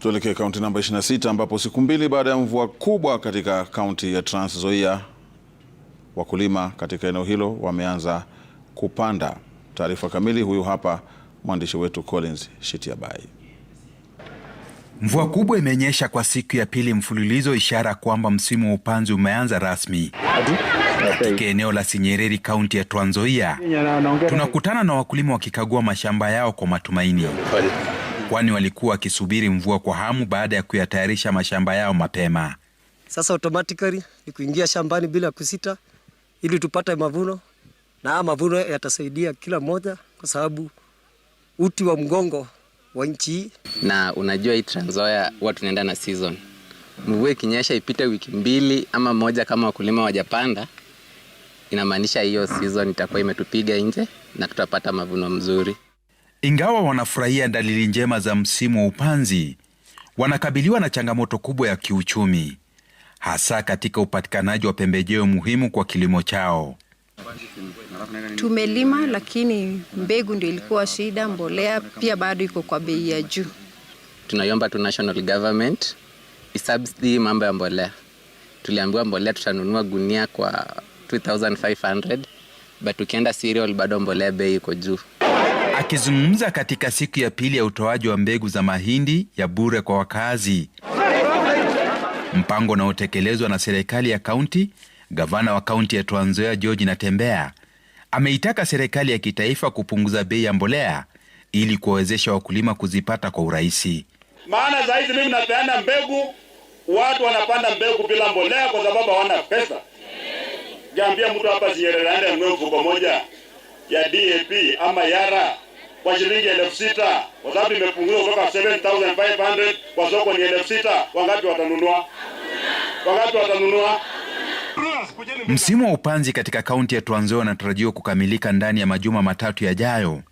Tuelekee kaunti namba 26 ambapo siku mbili baada ya mvua kubwa katika kaunti ya Trans Nzoia, wakulima katika eneo hilo wameanza kupanda. Taarifa kamili huyu hapa mwandishi wetu Collins Shitiabai. Mvua kubwa imenyesha kwa siku ya pili mfululizo, ishara kwamba msimu wa upanzi umeanza rasmi katika eneo la Sinyereri, kaunti ya Trans Nzoia. Tunakutana na wakulima wakikagua mashamba yao kwa matumaini kwani walikuwa wakisubiri mvua kwa hamu baada ya kuyatayarisha mashamba yao mapema. Sasa automatically ni kuingia shambani bila kusita, ili tupate mavuno, na haya mavuno yatasaidia kila mmoja, kwa sababu uti wa mgongo wa nchi hii. Na unajua hii Trans Nzoia huwa tunaenda na season. Mvua ikinyesha ipite wiki mbili ama moja, kama wakulima wajapanda, inamaanisha hiyo season itakuwa imetupiga nje na tutapata mavuno mzuri. Ingawa wanafurahia dalili njema za msimu wa upanzi, wanakabiliwa na changamoto kubwa ya kiuchumi, hasa katika upatikanaji wa pembejeo muhimu kwa kilimo chao. Tumelima, lakini mbegu ndio ilikuwa shida, mbolea pia bado iko kwa bei ya juu. Tunaiomba tu national government isubsidy mambo ya mbolea. Tuliambiwa mbolea tutanunua gunia kwa 2500 but ukienda cereal bado mbolea bei iko juu. Akizungumza katika siku ya pili ya utoaji wa mbegu za mahindi ya bure kwa wakazi, mpango unaotekelezwa na serikali ya kaunti, gavana wa kaunti ya Trans Nzoia George Natembeya ameitaka serikali ya kitaifa kupunguza bei ya mbolea ili kuwawezesha wakulima kuzipata kwa urahisi. Maana zaidi mimi napeana mbegu, watu wanapanda mbegu bila mbolea kwa sababu hawana pesa. jaambia mtu hapa Sinyerere aende anunue mfuko moja ya DAP ama Yara kwa shilingi elfu sita kwa sababu imepunguzwa kutoka 7500 kwa soko ni elfu sita Wangapi watanunua? Wangapi watanunua? Msimu wa upanzi katika kaunti ya Trans Nzoia unatarajiwa kukamilika ndani ya majuma matatu yajayo.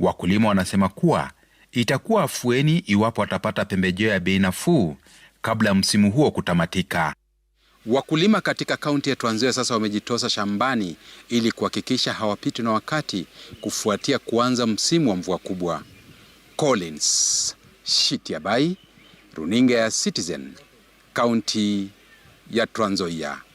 Wakulima wanasema kuwa itakuwa afueni iwapo watapata pembejeo ya bei nafuu kabla ya msimu huo kutamatika. Wakulima katika kaunti ya Trans Nzoia sasa wamejitosa shambani ili kuhakikisha hawapitwi na wakati kufuatia kuanza msimu wa mvua kubwa. Collins Shitiabai, Runinga ya Citizen, kaunti ya Trans Nzoia.